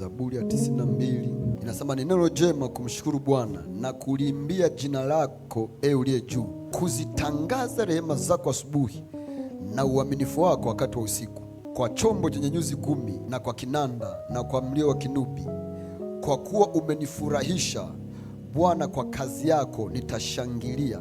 Zaburi ya 92 inasema ni neno jema kumshukuru Bwana na kuliimbia jina lako, e uliye juu, kuzitangaza rehema zako asubuhi na uaminifu wako wakati wa usiku, kwa chombo chenye nyuzi kumi na kwa kinanda na kwa mlio wa kinubi. Kwa kuwa umenifurahisha Bwana, kwa kazi yako nitashangilia,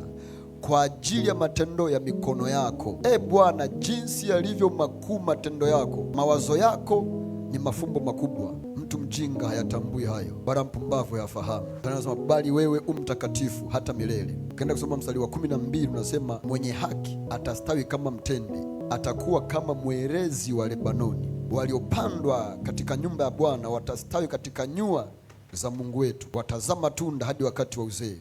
kwa ajili ya matendo ya mikono yako. E Bwana, jinsi yalivyo makuu matendo yako, mawazo yako ni mafumbo makubwa mtu mjinga hayatambui hayo, bara mpumbavu hayafahamu. Anasema bali wewe u mtakatifu hata milele. Ukienda kusoma mstari wa kumi na mbili unasema mwenye haki atastawi kama mtende, atakuwa kama mwerezi wa Lebanoni. Waliopandwa katika nyumba ya Bwana watastawi katika nyua za Mungu wetu, watazama tunda hadi wakati wa uzee.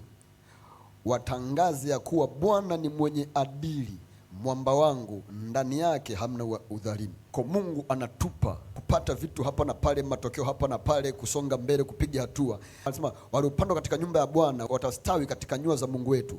Watangaze ya kuwa Bwana ni mwenye adili mwamba wangu ndani yake hamna udhalimu. Kwa Mungu anatupa kupata vitu hapa na pale, matokeo hapa na pale, kusonga mbele, kupiga hatua. Anasema waliopandwa katika nyumba ya Bwana watastawi katika nyua za Mungu wetu,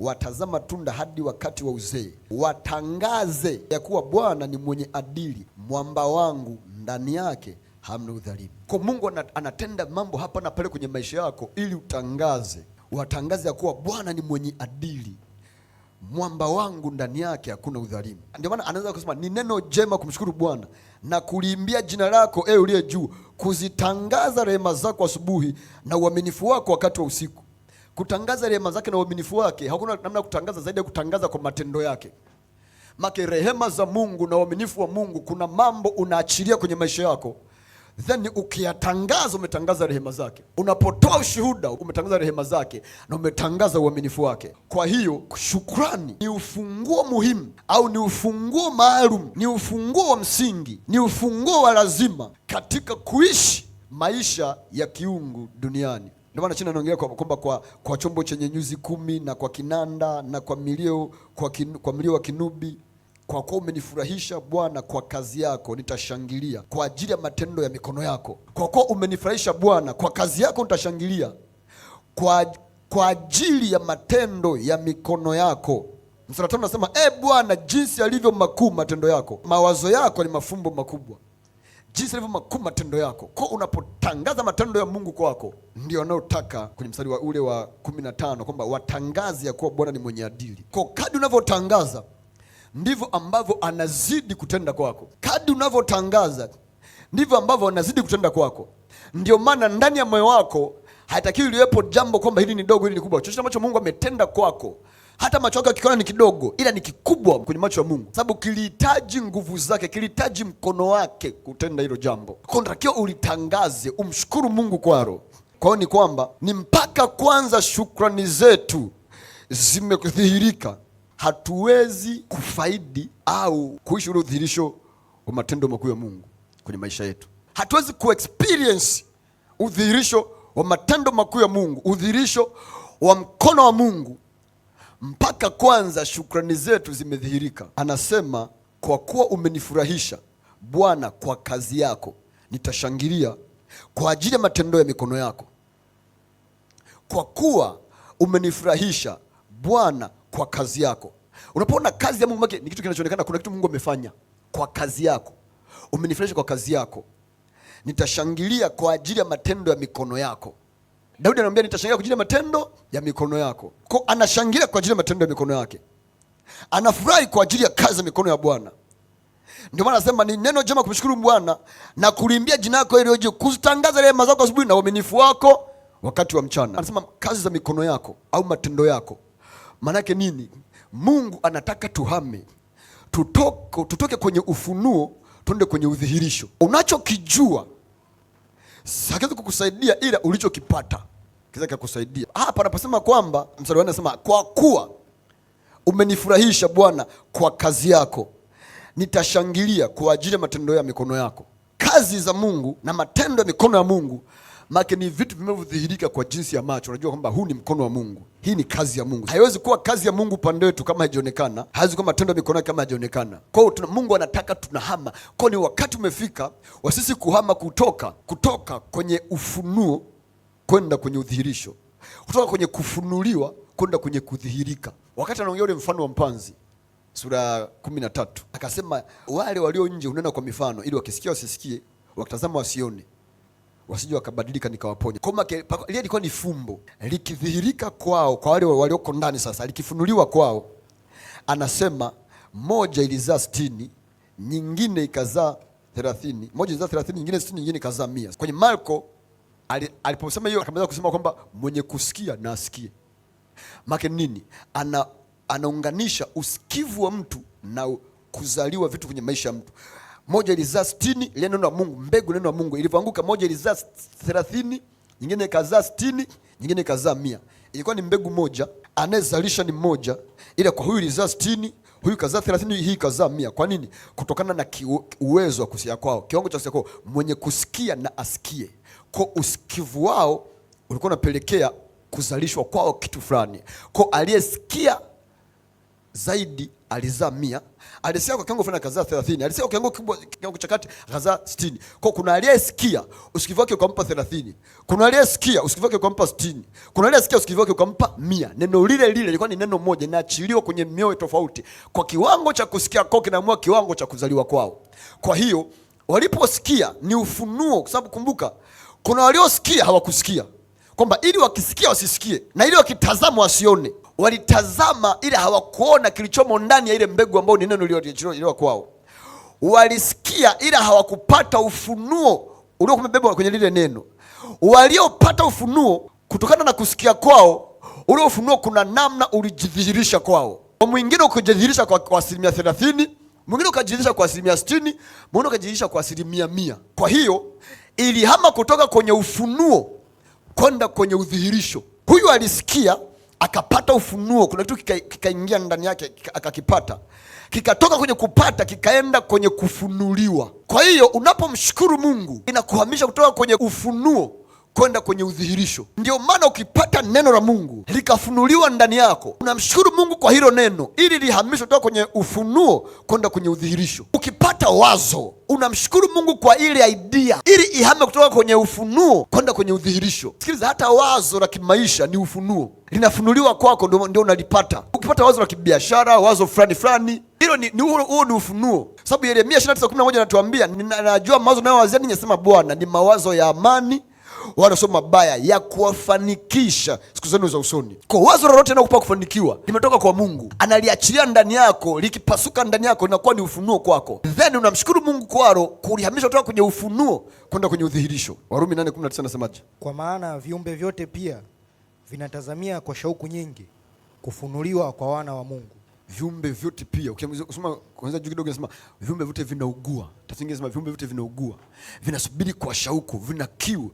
watazama tunda hadi wakati wa uzee. Watangaze ya kuwa Bwana ni mwenye adili, mwamba wangu ndani yake hamna udhalimu. Kwa Mungu anatenda mambo hapa na pale kwenye maisha yako, ili utangaze, watangaze ya kuwa Bwana ni mwenye adili mwamba wangu ndani yake hakuna udhalimu. Ndio maana anaweza kusema ni neno jema kumshukuru Bwana na kuliimbia jina lako, e uliye juu, kuzitangaza rehema zako asubuhi na uaminifu wako wakati wa usiku. Kutangaza rehema zake na uaminifu wake, hakuna namna ya kutangaza zaidi ya kutangaza kwa matendo yake. Make rehema za Mungu na uaminifu wa Mungu, kuna mambo unaachilia kwenye maisha yako then ukiyatangaza umetangaza rehema zake. Unapotoa ushuhuda umetangaza rehema zake na umetangaza uaminifu wake. Kwa hiyo shukrani ni ufunguo muhimu au ni ufunguo maalum, ni ufunguo wa msingi, ni ufunguo wa lazima katika kuishi maisha ya kiungu duniani. Ndio maana China anaongelea kwamba kwa, kwa chombo chenye nyuzi kumi na kwa kinanda na kwa milio, kwa, kin, kwa milio wa kinubi kwa kuwa umenifurahisha Bwana kwa kazi yako, nitashangilia kwa ajili ya matendo ya mikono yako. Kwa kuwa umenifurahisha Bwana kwa kazi yako, nitashangilia kwa, kwa ajili ya matendo ya mikono yako. Mstari tano nasema e Bwana, jinsi yalivyo makuu matendo yako, mawazo yako ni mafumbo makubwa, jinsi yalivyo makuu matendo yako. Kwa unapotangaza matendo ya Mungu kwako, ndio anayotaka kwenye mstari wa ule wa kumi na tano kwamba watangazi ya kuwa Bwana ni mwenye adili. Kwa kadri unavyotangaza ndivyo ambavyo anazidi kutenda kwako. Kadri unavyotangaza ndivyo ambavyo anazidi kutenda kwako. Ndio maana ndani ya moyo wako haitakiwi liwepo jambo kwamba hili ni dogo, hili ni kubwa. Chochote ambacho Mungu ametenda kwako, hata macho yako kikiona ni kidogo, ila ni kikubwa kwenye macho ya Mungu, sababu kilihitaji nguvu zake, kilihitaji mkono wake kutenda hilo jambo. Konatakiwa ulitangaze, umshukuru Mungu kwaro Kwa hiyo ni kwamba ni mpaka kwanza shukrani zetu zimedhihirika hatuwezi kufaidi au kuishi ule udhihirisho wa matendo makuu ya Mungu kwenye maisha yetu. Hatuwezi kuexperience udhihirisho wa matendo makuu ya Mungu, udhihirisho wa mkono wa Mungu mpaka kwanza shukrani zetu zimedhihirika. Anasema, kwa kuwa umenifurahisha Bwana kwa kazi yako, nitashangilia kwa ajili ya matendo ya mikono yako. Kwa kuwa umenifurahisha Bwana kwa kazi yako. Unapoona kazi ya Mungu ni kitu kinachoonekana, kuna kitu Mungu amefanya kwa kazi yako, umenifurahisha kwa kazi yako, nitashangilia kwa ajili ya matendo ya mikono yako. Daudi anamwambia nitashangilia kwa ajili ya matendo ya mikono yako. Kwa anashangilia kwa ajili ya matendo ya mikono yake, anafurahi kwa ajili ya kazi ya mikono ya Bwana. Ndio maana nasema ni neno jema kumshukuru Bwana na kulimbia jina lako ili ilioje, kuzitangaza rehema zako asubuhi na uaminifu wako wakati wa mchana. Anasema kazi za mikono yako au matendo yako Maanake nini? Mungu anataka tuhame tutoke, tutoke kwenye ufunuo tuende kwenye udhihirisho. Unachokijua hakiwezi kukusaidia, ila ulichokipata kiweza kikakusaidia. Hapa anaposema kwamba mstari wa anasema kwa kuwa umenifurahisha Bwana kwa kazi yako, nitashangilia kwa ajili ya matendo ya mikono yako. Kazi za Mungu na matendo ya mikono ya Mungu maake ni vitu vinavyodhihirika kwa jinsi ya macho. Unajua kwamba huu ni mkono wa Mungu. Hii ni kazi ya Mungu. Haiwezi kuwa kazi ya Mungu upande wetu kama hajaonekana, haiwezi kuwa matendo ya mikono yake kama hajaonekana. Kwa hiyo Mungu anataka tunahama. Kwa ni wakati umefika wa sisi kuhama kutoka kutoka kwenye ufunuo kwenda kwenye udhihirisho, kutoka kwenye kufunuliwa kwenda kwenye kudhihirika. Wakati anaongea ule mfano wa mpanzi sura kumi na tatu akasema, wale walio nje hunena kwa mifano ili wakisikia wasisikie, wakitazama wasione wasije wakabadilika nikawaponya. Ile ilikuwa ni fumbo likidhihirika kwao, kwa wale walioko ndani sasa, likifunuliwa kwao, anasema moja ilizaa sitini, nyingine ikazaa thelathini, moja ilizaa thelathini, nyingine sitini, nyingine ikazaa mia. Kwenye Marko aliposema hiyo, akamaliza kusema kwamba mwenye kusikia na asikie. Make nini? Ana, anaunganisha usikivu wa mtu na kuzaliwa vitu kwenye maisha ya mtu moja ilizaa sitini, ile neno la Mungu, mbegu neno la Mungu ilivyoanguka, moja ilizaa thelathini, nyingine ikazaa sitini, nyingine ikazaa mia. Ilikuwa ni mbegu moja, anayezalisha ni mmoja, ila kwa huyu ilizaa sitini, huyu kazaa thelathini, hii kazaa mia. Kwa nini? Kutokana na uwezo wa kusikia kwao, kiwango cha kusikia kwao. Mwenye kusikia na asikie, kwa usikivu wao ulikuwa unapelekea kuzalishwa kwao kitu fulani, kwa aliyesikia zaidi alizaa mia, alisikia kwa kiwango fulani akazaa thelathini, alisikia kwa kiwango kikubwa, kiwango cha kati akazaa 60. Kwa kuna aliyesikia usikivu wake ukampa thelathini, kuna aliyesikia usikivu wake ukampa 60, kuna aliyesikia usikivu wake ukampa mia. Neno lile lile lilikuwa ni neno moja, inaachiliwa kwenye mioyo tofauti, kwa kiwango cha kusikia kwao kinaamua kiwango cha kuzaliwa kwao. Kwa hiyo waliposikia ni ufunuo, kwa sababu kumbuka, kuna waliosikia hawakusikia kwamba ili wakisikia wasisikie na ili wakitazama wasione walitazama ili hawakuona kilichomo ndani ya ile mbegu ambayo ni neno lililoachiliwa kwao. Walisikia ila hawakupata ufunuo uliokuwa kwenye lile neno. Waliopata ufunuo kutokana na kusikia kwao, ule ufunuo kuna namna ulijidhihirisha kwao, mwingine ukajidhihirisha kwa asilimia 30, mwingine ukajidhihirisha kwa asilimia 60, mwingine ukajidhihirisha kwa asilimia mia. Kwa hiyo ilihama kutoka kwenye ufunuo kwenda kwenye udhihirisho. Huyu alisikia akapata ufunuo, kuna kitu kikaingia kika ndani yake kika, akakipata kikatoka kwenye kupata kikaenda kwenye kufunuliwa. Kwa hiyo unapomshukuru Mungu inakuhamisha kutoka kwenye ufunuo kwenda kwenye udhihirisho. Ndio maana ukipata neno la Mungu likafunuliwa ndani yako, unamshukuru Mungu kwa hilo neno, ili lihamishwe kutoka kwenye ufunuo kwenda kwenye udhihirisho. Ukipata wazo, unamshukuru Mungu kwa ile idea, ili ihame kutoka kwenye ufunuo kwenda kwenye udhihirisho. Sikiliza, hata wazo la kimaisha ni ufunuo, linafunuliwa kwako, ndio unalipata. Ukipata wazo la kibiashara, wazo fulani fulani hilo ni huo ni ufunuo, sababu Yeremia 29:11 anatuambia, ninajua mawazo nayo ninyi, asema Bwana, ni mawazo ya amani wanasoma mabaya ya kuwafanikisha siku zenu za usoni. Kwa wazo lolote nakupa kufanikiwa limetoka kwa Mungu, analiachilia ndani yako, likipasuka ndani yako linakuwa ni ufunuo kwako, then unamshukuru Mungu kwalo kulihamisha kutoka kwenye ufunuo kwenda kwenye udhihirisho. Warumi 8:19 nasemaje? Kwa maana viumbe vyote pia vinatazamia kwa shauku nyingi kufunuliwa kwa wana wa Mungu viumbe vyote pia. ukisoma kwanza juu kidogo, nasema viumbe vyote vinaugua, nasema viumbe vyote vinaugua, vinasubiri kwa shauku, vina kiu,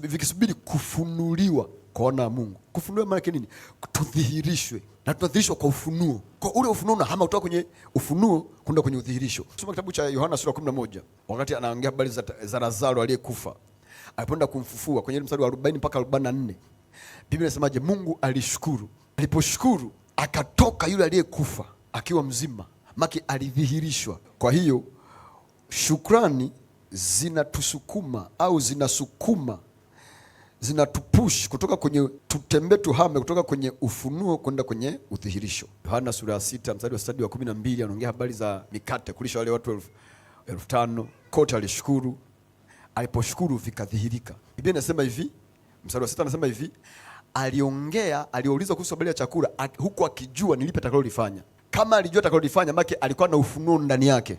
vikisubiri kufunuliwa kwa wana wa Mungu. Kufunuliwa maana yake nini? Tudhihirishwe na tunadhihirishwa kwa ufunuo, kwa ule ufunuo unahama kutoka kwenye ufunuo kwenda kwenye udhihirisho. Soma kitabu cha Yohana sura ya 11 wakati anaongea habari za Lazaro aliyekufa, alipoenda kumfufua kwenye mstari wa 40 mpaka 44, Biblia inasemaje? Mungu alishukuru, aliposhukuru akatoka yule aliyekufa akiwa mzima, maki alidhihirishwa. Kwa hiyo shukrani zinatusukuma au zinasukuma zinatupush kutoka kwenye tutembee tuhame kutoka kwenye ufunuo kwenda kwenye udhihirisho. Yohana sura ya sita mstari wa stadi wa kumi na mbili anaongea habari za mikate kulisha wale watu elfu, elfu tano kote. Alishukuru, aliposhukuru vikadhihirika. Biblia inasema hivi, mstari wa sita anasema hivi aliongea, aliulizwa kuhusu habari ya chakula huku akijua nilipe atakalolifanya. Kama alijua atakalolifanya, maana alikuwa na ufunuo ndani yake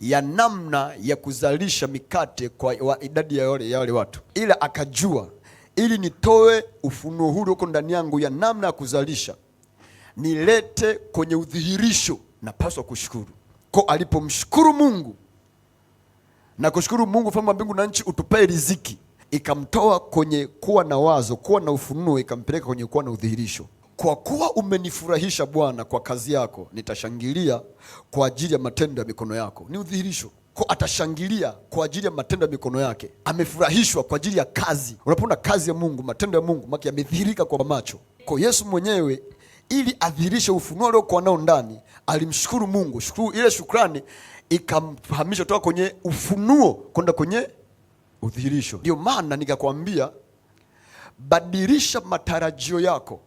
ya namna ya kuzalisha mikate kwa idadi ya wale watu, ila akajua ili nitoe ufunuo huu huko ndani yangu ya namna ya kuzalisha nilete kwenye udhihirisho, napaswa kushukuru. Kwa alipomshukuru Mungu na kushukuru Mungu, mfalme wa mbingu na nchi, utupee riziki ikamtoa kwenye kuwa na wazo, kuwa na ufunuo, ikampeleka kwenye kuwa na udhihirisho. Kwa kuwa umenifurahisha Bwana kwa kazi yako, nitashangilia kwa ajili ya matendo ya mikono yako. Ni udhihirisho kwa atashangilia kwa ajili ya matendo ya mikono yake. Amefurahishwa kwa ajili ya kazi. Unapoona kazi ya Mungu, matendo ya Mungu maki yamedhihirika kwa macho. Kwa Yesu mwenyewe ili adhihirishe ufunuo aliokuwa nao ndani, alimshukuru Mungu. Shukuru ile shukrani ikamhamisha toka kwenye ufunuo kwenda kwenye udhihirisho. Ndio maana nikakwambia badilisha matarajio yako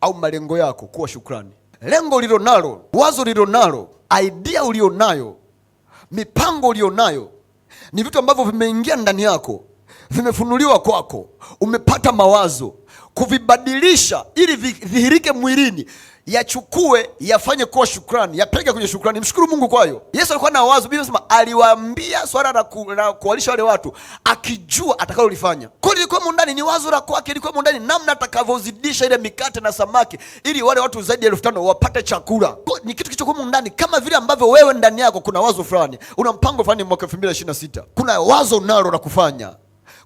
au malengo yako kuwa shukrani. Lengo lilo nalo, wazo lilo nalo, idea nayo mipango ulionayo ni vitu ambavyo vimeingia ndani yako, vimefunuliwa kwako, umepata mawazo kuvibadilisha ili vidhihirike mwilini yachukue yafanye kuwa shukrani, yapeleke kwenye shukrani, mshukuru Mungu kwayo. Yesu alikuwa na wazo, Biblia inasema aliwaambia swala la ku, kuwalisha wale watu akijua atakalolifanya. Kwa ilikuwa ndani ni wazo la kwake, ilikuwa ndani namna atakavyozidisha ile mikate na samaki ili wale watu zaidi ya elfu tano wapate chakula. Kwa, ni kitu kilichokuwa ndani, kama vile ambavyo wewe ndani yako kuna wazo fulani, una mpango fulani mwaka 2026 kuna wazo unalo la kufanya,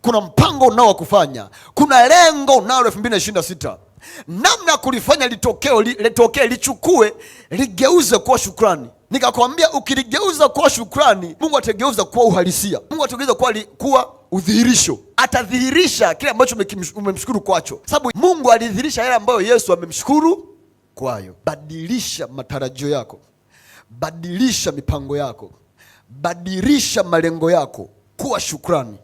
kuna mpango unao wa kufanya, kuna lengo unalo 2026 namna ya kulifanya litokeo litokee, lichukue, ligeuze kuwa shukrani. Nikakwambia ukiligeuza kuwa shukrani, Mungu atageuza kuwa uhalisia. Mungu atageuza kuwa, kuwa udhihirisho, atadhihirisha kile ambacho umemshukuru kwacho, sababu Mungu alidhihirisha yale ambayo Yesu amemshukuru kwayo. Badilisha matarajio yako, badilisha mipango yako, badilisha malengo yako kuwa shukrani.